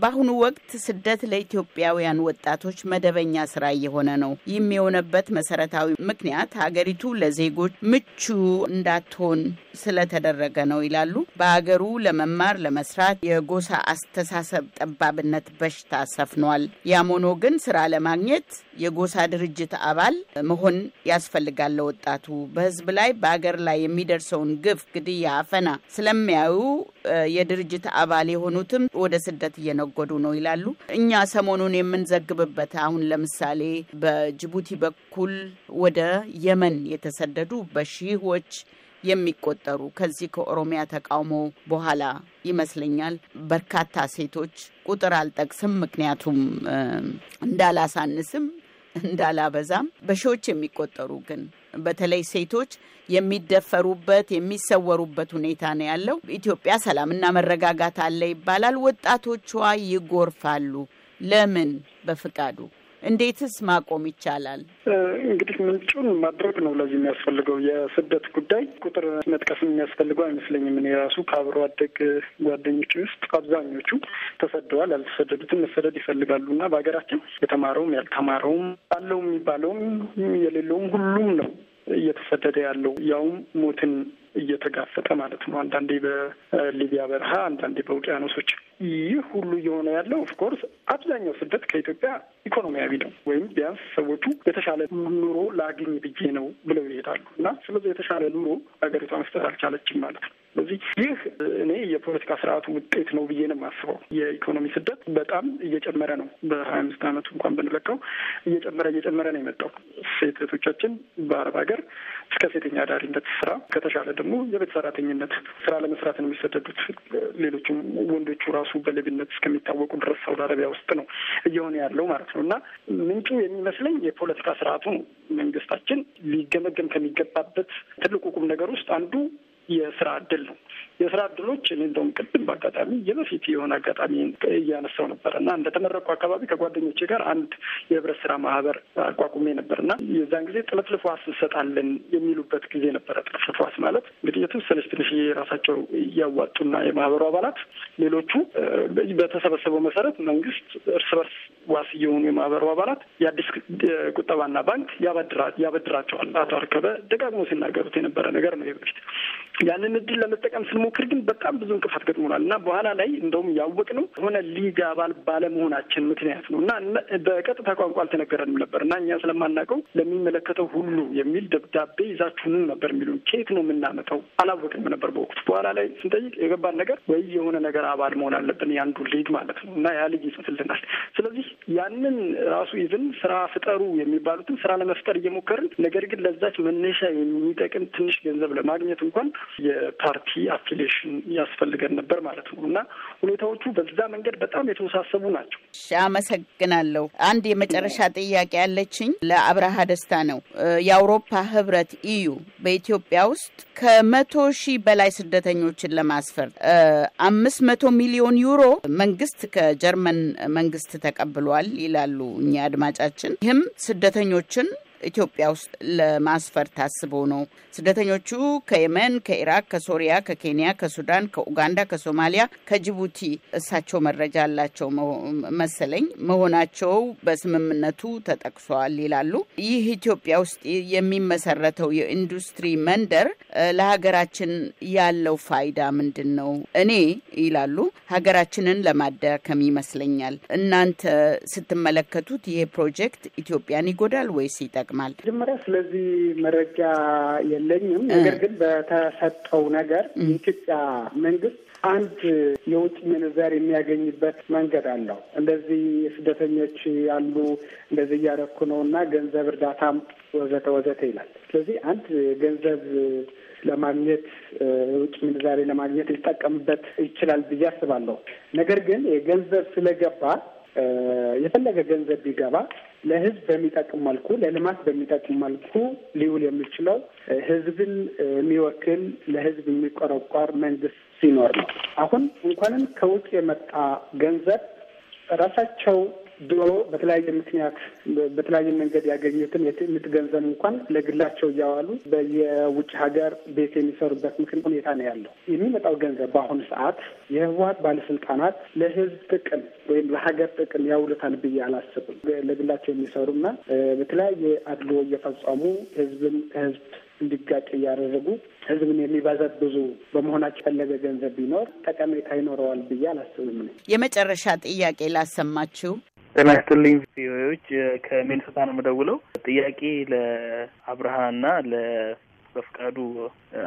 በአሁኑ ወቅት ስደት ለኢትዮጵያውያን ወጣ ወጣቶች መደበኛ ስራ እየሆነ ነው። ይህም የሆነበት መሰረታዊ ምክንያት ሀገሪቱ ለዜጎች ምቹ እንዳትሆን ስለተደረገ ነው ይላሉ። በሀገሩ ለመማር ለመስራት የጎሳ አስተሳሰብ ጠባብነት በሽታ ሰፍኗል። ያም ሆኖ ግን ስራ ለማግኘት የጎሳ ድርጅት አባል መሆን ያስፈልጋል። ወጣቱ በህዝብ ላይ በሀገር ላይ የሚደርሰውን ግፍ፣ ግድያ፣ አፈና ስለሚያዩ የድርጅት አባል የሆኑትም ወደ ስደት እየነጎዱ ነው ይላሉ። እኛ ሰሞኑን የምንዘግበ የሚገቡበት አሁን ለምሳሌ በጅቡቲ በኩል ወደ የመን የተሰደዱ በሺዎች የሚቆጠሩ ከዚህ ከኦሮሚያ ተቃውሞ በኋላ ይመስለኛል በርካታ ሴቶች ቁጥር አልጠቅስም፣ ምክንያቱም እንዳላሳንስም እንዳላበዛም በሺዎች የሚቆጠሩ ግን በተለይ ሴቶች የሚደፈሩበት የሚሰወሩበት ሁኔታ ነው ያለው። ኢትዮጵያ ሰላምና መረጋጋት አለ ይባላል። ወጣቶቿ ይጎርፋሉ። ለምን በፍቃዱ እንዴትስ ማቆም ይቻላል? እንግዲህ ምንጩን ማድረግ ነው ለዚህ የሚያስፈልገው። የስደት ጉዳይ ቁጥር መጥቀስ የሚያስፈልገው አይመስለኝም። እኔ ራሱ ከአብሮ አደግ ጓደኞች ውስጥ አብዛኞቹ ተሰደዋል። ያልተሰደዱትን መሰደድ ይፈልጋሉ እና በሀገራችን የተማረውም ያልተማረውም አለው የሚባለውም የሌለውም ሁሉም ነው እየተሰደደ ያለው ያውም ሞትን እየተጋፈጠ ማለት ነው። አንዳንዴ በሊቢያ በረሃ፣ አንዳንዴ በውቅያኖሶች። ይህ ሁሉ እየሆነ ያለው ኦፍኮርስ አብዛኛው ስደት ከኢትዮጵያ ኢኮኖሚያዊ ነው፣ ወይም ቢያንስ ሰዎቹ የተሻለ ኑሮ ላግኝ ብዬ ነው ብለው ይሄዳሉ እና ስለዚህ የተሻለ ኑሮ ሀገሪቷ መስጠት አልቻለችም ማለት ነው። ስለዚህ ይህ እኔ የፖለቲካ ስርዓቱ ውጤት ነው ብዬ ነው የማስበው። የኢኮኖሚ ስደት በጣም እየጨመረ ነው። በሀያ አምስት አመቱ እንኳን ብንለካው እየጨመረ እየጨመረ ነው የመጣው። ሴት በአረብ ሀገር እስከ ሴተኛ አዳሪነት ስራ ከተሻለ ደግሞ የቤት ሰራተኝነት ስራ ለመስራት ነው የሚሰደዱት። ሌሎችም ወንዶቹ ራሱ በሌብነት እስከሚታወቁ ድረስ ሳውዲ አረቢያ ውስጥ ነው እየሆነ ያለው ማለት ነው እና ምንጩ የሚመስለኝ የፖለቲካ ስርዓቱ ነው። መንግስታችን ሊገመገም ከሚገባበት ትልቁ ቁም ነገር ውስጥ አንዱ የስራ እድል ነው። የስራ እድሎች እኔ እንደውም ቅድም በአጋጣሚ የበፊት የሆነ አጋጣሚ እያነሳው ነበር እና እንደተመረቁ አካባቢ ከጓደኞቼ ጋር አንድ የህብረት ስራ ማህበር አቋቁሜ ነበር እና የዛን ጊዜ ጥልፍልፍ ዋስ እንሰጣለን የሚሉበት ጊዜ ነበረ። ጥልፍልፍ ዋስ ማለት እንግዲህ የተወሰነች ትንሽ የራሳቸው እያዋጡና የማህበሩ አባላት ሌሎቹ በተሰበሰበው መሰረት መንግስት እርስ በርስ ዋስ እየሆኑ የማህበሩ አባላት የአዲስ ቁጠባና ባንክ ያበድራቸዋል። አቶ አርከበ ደጋግሞ ሲናገሩት የነበረ ነገር ነው የበፊት ያንን እድል ለመጠቀም ስንሞክር ግን በጣም ብዙ እንቅፋት ገጥሞናል እና በኋላ ላይ እንደውም ያወቅ ነው የሆነ ሊግ አባል ባለመሆናችን ምክንያት ነው እና በቀጥታ ቋንቋ አልተነገረንም ነበር እና እኛ ስለማናውቀው ለሚመለከተው ሁሉ የሚል ደብዳቤ ይዛችሁኑ ነበር የሚሉን። ኬት ነው የምናመጣው? አላወቅንም ነበር በወቅቱ። በኋላ ላይ ስንጠይቅ የገባን ነገር ወይ የሆነ ነገር አባል መሆን አለብን የአንዱ ሊግ ማለት ነው እና ያ ሊግ ይጽፍልናል። ስለዚህ ያንን ራሱ ይዝን ስራ ፍጠሩ የሚባሉትን ስራ ለመፍጠር እየሞከርን ነገር ግን ለዛች መነሻ የሚጠቅም ትንሽ ገንዘብ ለማግኘት እንኳን የፓርቲ አፊሌሽን ያስፈልገን ነበር ማለት ነው እና ሁኔታዎቹ በዛ መንገድ በጣም የተወሳሰቡ ናቸው። አመሰግናለሁ። አንድ የመጨረሻ ጥያቄ ያለችኝ ለአብርሃ ደስታ ነው። የአውሮፓ ህብረት ኢዩ በኢትዮጵያ ውስጥ ከመቶ ሺህ በላይ ስደተኞችን ለማስፈር አምስት መቶ ሚሊዮን ዩሮ መንግስት ከጀርመን መንግስት ተቀብሏል ይላሉ እኛ አድማጫችን። ይህም ስደተኞችን ኢትዮጵያ ውስጥ ለማስፈር ታስቦ ነው። ስደተኞቹ ከየመን፣ ከኢራቅ፣ ከሶሪያ፣ ከኬንያ፣ ከሱዳን፣ ከኡጋንዳ፣ ከሶማሊያ፣ ከጅቡቲ እሳቸው መረጃ አላቸው መሰለኝ መሆናቸው በስምምነቱ ተጠቅሷል ይላሉ። ይህ ኢትዮጵያ ውስጥ የሚመሰረተው የኢንዱስትሪ መንደር ለሀገራችን ያለው ፋይዳ ምንድን ነው? እኔ ይላሉ ሀገራችንን ለማዳከም ይመስለኛል። እናንተ ስትመለከቱት ይሄ ፕሮጀክት ኢትዮጵያን ይጎዳል ወይስ ይጠቅማል? ይጠቅማል? መጀመሪያ ስለዚህ መረጃ የለኝም። ነገር ግን በተሰጠው ነገር የኢትዮጵያ መንግስት አንድ የውጭ ምንዛሪ የሚያገኝበት መንገድ አለው። እንደዚህ ስደተኞች ያሉ እንደዚህ እያደረኩ ነው እና ገንዘብ እርዳታም ወዘተ ወዘተ ይላል። ስለዚህ አንድ ገንዘብ ለማግኘት የውጭ ምንዛሬ ለማግኘት ሊጠቀምበት ይችላል ብዬ አስባለሁ። ነገር ግን የገንዘብ ስለገባ የፈለገ ገንዘብ ቢገባ ለህዝብ በሚጠቅም መልኩ ለልማት በሚጠቅም መልኩ ሊውል የሚችለው ህዝብን የሚወክል ለህዝብ የሚቆረቋር መንግስት ሲኖር ነው። አሁን እንኳንም ከውጭ የመጣ ገንዘብ ራሳቸው ድሮ በተለያየ ምክንያት በተለያየ መንገድ ያገኙትን የምትገንዘብ እንኳን ለግላቸው እያዋሉ በየውጭ ሀገር ቤት የሚሰሩበት ምክንያት ሁኔታ ነው ያለው። የሚመጣው ገንዘብ በአሁኑ ሰዓት የህወሀት ባለስልጣናት ለህዝብ ጥቅም ወይም ለሀገር ጥቅም ያውሉታል ብዬ አላስብም። ለግላቸው የሚሰሩና በተለያየ አድሎ እየፈጸሙ ህዝብን ህዝብ እንዲጋጭ እያደረጉ ህዝብን የሚበዘብዙ በመሆናቸው ፈለገ ገንዘብ ቢኖር ጠቀሜታ ይኖረዋል ብዬ አላስብም ነው። የመጨረሻ ጥያቄ ላሰማችሁ። ጤና ይስጥልኝ ቪኦኤዎች፣ ከሚኒሶታ ነው የምደውለው። ጥያቄ ለአብርሃ እና ለበፍቃዱ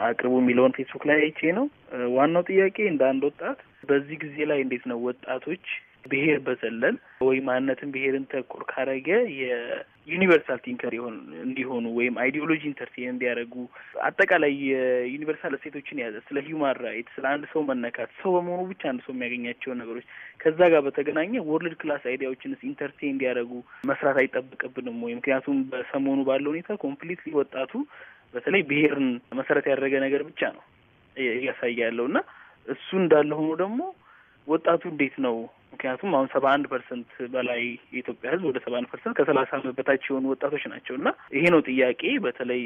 አቅርቡ የሚለውን ፌስቡክ ላይ አይቼ ነው። ዋናው ጥያቄ እንደ አንድ ወጣት በዚህ ጊዜ ላይ እንዴት ነው ወጣቶች ብሄር በዘለል ወይ ማንነትን ብሄርን ተኮር ካረገ የዩኒቨርሳል ቲንከር ሆን እንዲሆኑ ወይም አይዲዮሎጂ ኢንተርቴን እንዲያደርጉ አጠቃላይ የዩኒቨርሳል እሴቶችን የያዘ ስለ ሂውማን ራይት፣ ስለ አንድ ሰው መነካት፣ ሰው በመሆኑ ብቻ አንድ ሰው የሚያገኛቸውን ነገሮች ከዛ ጋር በተገናኘ ወርልድ ክላስ አይዲያዎችንስ ኢንተርቴን እንዲያደርጉ መስራት አይጠብቅብንም ወይ? ምክንያቱም በሰሞኑ ባለው ሁኔታ ኮምፕሊትሊ ወጣቱ በተለይ ብሄርን መሰረት ያደረገ ነገር ብቻ ነው እያሳየ ያለው እና እሱ እንዳለ ሆኖ ደግሞ ወጣቱ እንዴት ነው ምክንያቱም አሁን ሰባ አንድ ፐርሰንት በላይ የኢትዮጵያ ህዝብ ወደ ሰባ አንድ ፐርሰንት ከሰላሳ አመት በታች የሆኑ ወጣቶች ናቸው እና ይሄ ነው ጥያቄ። በተለይ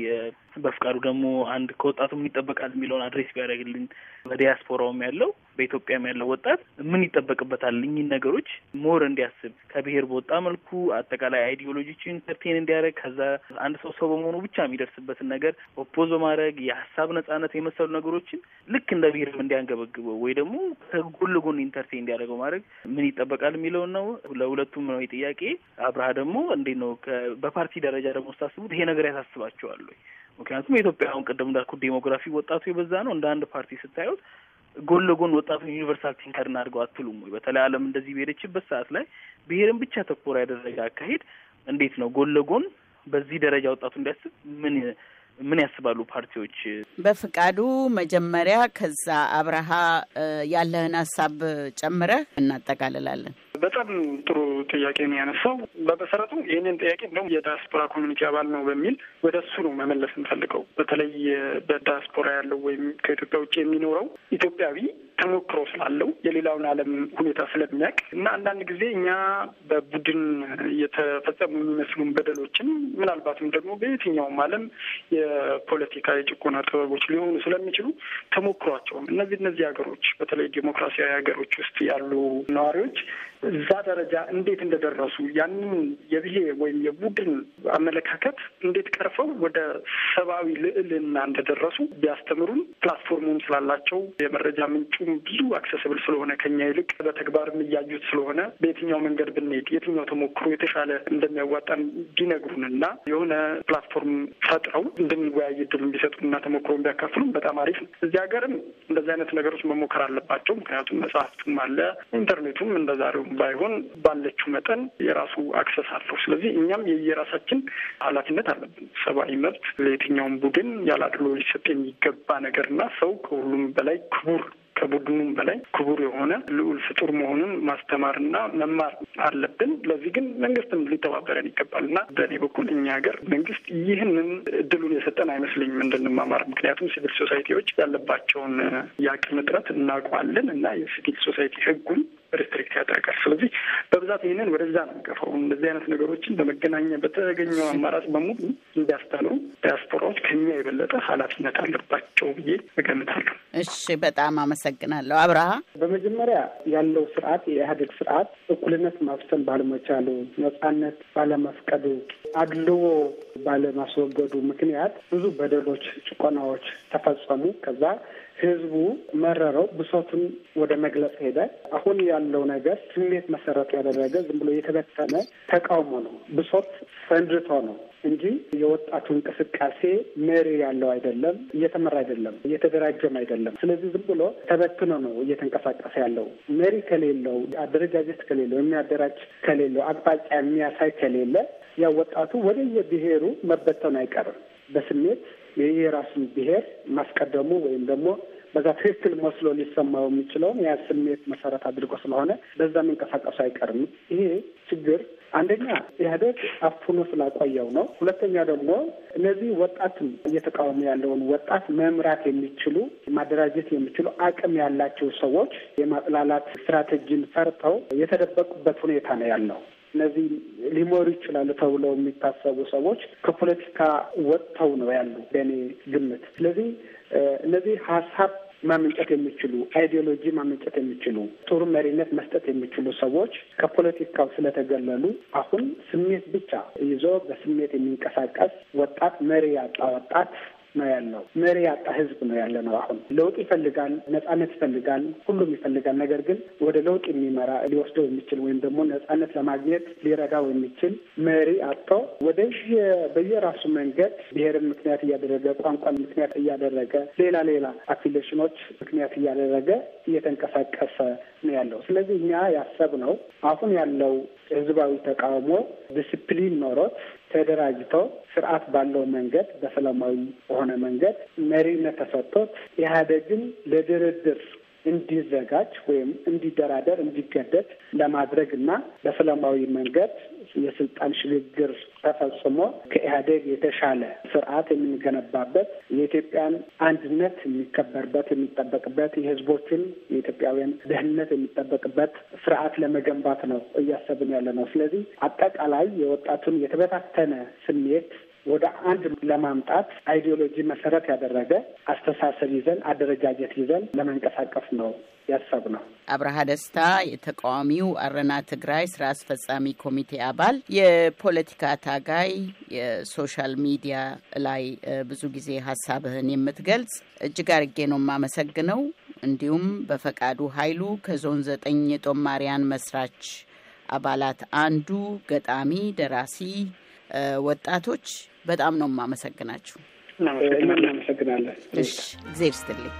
በፍቃዱ ደግሞ አንድ ምን ይጠበቃል የሚለውን አድሬስ ቢያደርግልን በዲያስፖራውም ያለው በኢትዮጵያም ያለው ወጣት ምን ይጠበቅበታል? እኚህን ነገሮች ሞር እንዲያስብ ከብሔር በወጣ መልኩ አጠቃላይ አይዲዮሎጂችን ኢንተርቴን እንዲያደርግ ከዛ አንድ ሰው ሰው በመሆኑ ብቻ የሚደርስበትን ነገር ኦፖዝ በማድረግ የሀሳብ ነጻነት የመሰሉ ነገሮችን ልክ እንደ ብሔርም እንዲያንገበግበው ወይ ደግሞ ከጎን ለጎን ኢንተርቴን እንዲያደርገው ማድረግ ምን ይጠበቃል የሚለውን ነው። ለሁለቱም ነው ጥያቄ። አብርሃ ደግሞ እንዴት ነው በፓርቲ ደረጃ ደግሞ ስታስቡት ይሄ ነገር ያሳስባቸዋል ወይ? ምክንያቱም የኢትዮጵያ አሁን ቅድም እንዳልኩት ዴሞግራፊ ወጣቱ የበዛ ነው። እንደ አንድ ፓርቲ ስታዩት ጎን ለጎን ወጣቱን ዩኒቨርሳል ቲንከር አድርገው አትሉም ወይ? በተለይ ዓለም እንደዚህ በሄደችበት ሰዓት ላይ ብሔርን ብቻ ተኮር ያደረገ አካሄድ እንዴት ነው ጎን ለጎን በዚህ ደረጃ ወጣቱ እንዲያስብ ምን ምን ያስባሉ ፓርቲዎች? በፍቃዱ መጀመሪያ፣ ከዛ አብረሃ ያለህን ሀሳብ ጨምረህ እናጠቃልላለን። በጣም ጥሩ ጥያቄ ነው ያነሳው። በመሰረቱ ይህንን ጥያቄ እንደውም የዳያስፖራ ኮሚኒቲ አባል ነው በሚል ወደ እሱ ነው መመለስ የምፈልገው። በተለይ በዳያስፖራ ያለው ወይም ከኢትዮጵያ ውጭ የሚኖረው ኢትዮጵያዊ ተሞክሮ ስላለው የሌላውን ዓለም ሁኔታ ስለሚያውቅ እና አንዳንድ ጊዜ እኛ በቡድን የተፈጸሙ የሚመስሉን በደሎችን ምናልባትም ደግሞ በየትኛውም ዓለም የፖለቲካ የጭቆና ጥበቦች ሊሆኑ ስለሚችሉ ተሞክሯቸውም እነዚህ እነዚህ ሀገሮች በተለይ ዴሞክራሲያዊ ሀገሮች ውስጥ ያሉ ነዋሪዎች እዛ ደረጃ እንዴት እንደደረሱ ያንን የብሄ ወይም የቡድን አመለካከት እንዴት ቀርፈው ወደ ሰብአዊ ልዕልና እንደደረሱ ቢያስተምሩን ፕላትፎርሙም ስላላቸው የመረጃ ምንጩ ብዙ አክሰስብል ስለሆነ ከኛ ይልቅ በተግባርም እያዩት ስለሆነ በየትኛው መንገድ ብንሄድ የትኛው ተሞክሮ የተሻለ እንደሚያዋጣን ቢነግሩን እና የሆነ ፕላትፎርም ፈጥረው እንድንወያይ ድል ቢሰጡና ተሞክሮ ቢያካፍሉም በጣም አሪፍ ነው። እዚህ ሀገርም እንደዚህ አይነት ነገሮች መሞከር አለባቸው። ምክንያቱም መጽሐፍቱም አለ ኢንተርኔቱም እንደ ዛሬው ባይሆን ባለችው መጠን የራሱ አክሰስ አለው። ስለዚህ እኛም የየራሳችን ኃላፊነት አለብን። ሰብአዊ መብት ለየትኛውም ቡድን ያላድሎ ሊሰጥ የሚገባ ነገርና ሰው ከሁሉም በላይ ክቡር ከቡድኑም በላይ ክቡር የሆነ ልዑል ፍጡር መሆኑን ማስተማርና መማር አለብን። ለዚህ ግን መንግስትም ሊተባበረን ይገባል እና በእኔ በኩል እኛ ሀገር መንግስት ይህንን እድሉን የሰጠን አይመስለኝም እንድንማማር። ምክንያቱም ሲቪል ሶሳይቲዎች ያለባቸውን የአቅም እጥረት እናውቀዋለን እና የሲቪል ሶሳይቲ ህጉን ሪስትሪክት ያደርጋል። ስለዚህ በብዛት ይህንን ወደዛ ነው የሚገፋው። እንደዚህ አይነት ነገሮችን በመገናኛ በተገኘው አማራጭ በሙሉ እንዲያስተሉ ዲያስፖራዎች ከኛ የበለጠ ኃላፊነት አለባቸው ብዬ እገምታለሁ። እሺ፣ በጣም አመሰግናለሁ አብርሃ። በመጀመሪያ ያለው ስርዓት የኢህአዴግ ስርዓት እኩልነት ማብሰል ባለመቻሉ፣ ነጻነት ባለመፍቀዱ፣ አድልዎ ባለማስወገዱ ምክንያት ብዙ በደሎች፣ ጭቆናዎች ተፈጸሙ። ከዛ ህዝቡ መረረው፣ ብሶቱን ወደ መግለጽ ሄደ። አሁን ያለው ነገር ስሜት መሰረት ያደረገ ዝም ብሎ የተበተነ ተቃውሞ ነው፣ ብሶት ፈንድቶ ነው እንጂ የወጣቱ እንቅስቃሴ መሪ ያለው አይደለም፣ እየተመራ አይደለም፣ እየተደራጀም አይደለም። ስለዚህ ዝም ብሎ ተበትኖ ነው እየተንቀሳቀሰ ያለው። መሪ ከሌለው፣ አደረጃጀት ከሌለው፣ የሚያደራጅ ከሌለው፣ አቅጣጫ የሚያሳይ ከሌለ ያ ወጣቱ ወደ መበተኑ አይቀርም በስሜት የየራስን ብሔር ማስቀደሙ ወይም ደግሞ በዛ ትክክል መስሎ ሊሰማው የሚችለውን ያ ስሜት መሰረት አድርጎ ስለሆነ በዛ መንቀሳቀሱ አይቀርም። ይሄ ችግር አንደኛ ኢህአዴግ አፍኖ ስላቆየው ነው። ሁለተኛ ደግሞ እነዚህ ወጣትም እየተቃወሙ ያለውን ወጣት መምራት የሚችሉ ማደራጀት የሚችሉ አቅም ያላቸው ሰዎች የማጥላላት ስትራቴጂን ፈርተው የተደበቁበት ሁኔታ ነው ያለው። እነዚህ ሊመሩ ይችላሉ ተብለው የሚታሰቡ ሰዎች ከፖለቲካ ወጥተው ነው ያሉ በእኔ ግምት። ስለዚህ እነዚህ ሀሳብ ማመንጨት የሚችሉ አይዲዮሎጂ ማመንጨት የሚችሉ ጥሩ መሪነት መስጠት የሚችሉ ሰዎች ከፖለቲካው ስለተገለሉ አሁን ስሜት ብቻ ይዞ በስሜት የሚንቀሳቀስ ወጣት መሪ ያጣ ወጣት ነው ያለው። መሪ ያጣ ህዝብ ነው ያለ ነው። አሁን ለውጥ ይፈልጋል፣ ነጻነት ይፈልጋል፣ ሁሉም ይፈልጋል። ነገር ግን ወደ ለውጥ የሚመራ ሊወስደው የሚችል ወይም ደግሞ ነጻነት ለማግኘት ሊረዳው የሚችል መሪ አጥቶ ወደ በየራሱ መንገድ ብሔርን ምክንያት እያደረገ ቋንቋን ምክንያት እያደረገ ሌላ ሌላ አፊሌሽኖች ምክንያት እያደረገ እየተንቀሳቀሰ ነው ያለው። ስለዚህ እኛ ያሰብ ነው። አሁን ያለው ህዝባዊ ተቃውሞ ዲስፕሊን ኖሮት ተደራጅቶ ስርዓት ባለው መንገድ በሰላማዊ በሆነ መንገድ መሪነት ተሰጥቶት ኢህአዴግን ለድርድር እንዲዘጋጅ ወይም እንዲደራደር እንዲገደድ ለማድረግ እና በሰላማዊ መንገድ የስልጣን ሽግግር ተፈጽሞ ከኢህአዴግ የተሻለ ስርዓት የምንገነባበት የኢትዮጵያን አንድነት የሚከበርበት የሚጠበቅበት የህዝቦችን የኢትዮጵያውያን ደህንነት የሚጠበቅበት ስርዓት ለመገንባት ነው እያሰብን ያለ ነው። ስለዚህ አጠቃላይ የወጣቱን የተበታተነ ስሜት ወደ አንድ ለማምጣት አይዲዮሎጂ መሰረት ያደረገ አስተሳሰብ ይዘን አደረጃጀት ይዘን ለመንቀሳቀስ ነው ያሰብ ነው። አብርሃ ደስታ የተቃዋሚው አረና ትግራይ ስራ አስፈጻሚ ኮሚቴ አባል፣ የፖለቲካ ታጋይ፣ የሶሻል ሚዲያ ላይ ብዙ ጊዜ ሀሳብህን የምትገልጽ እጅግ አርጌ ነው የማመሰግነው። እንዲሁም በፈቃዱ ኃይሉ ከዞን ዘጠኝ የጦማሪያን መስራች አባላት አንዱ ገጣሚ፣ ደራሲ ወጣቶች በጣም ነው የማመሰግናችሁ። እናመሰግናለን። እሺ፣ እግዜር ይስጥልኝ።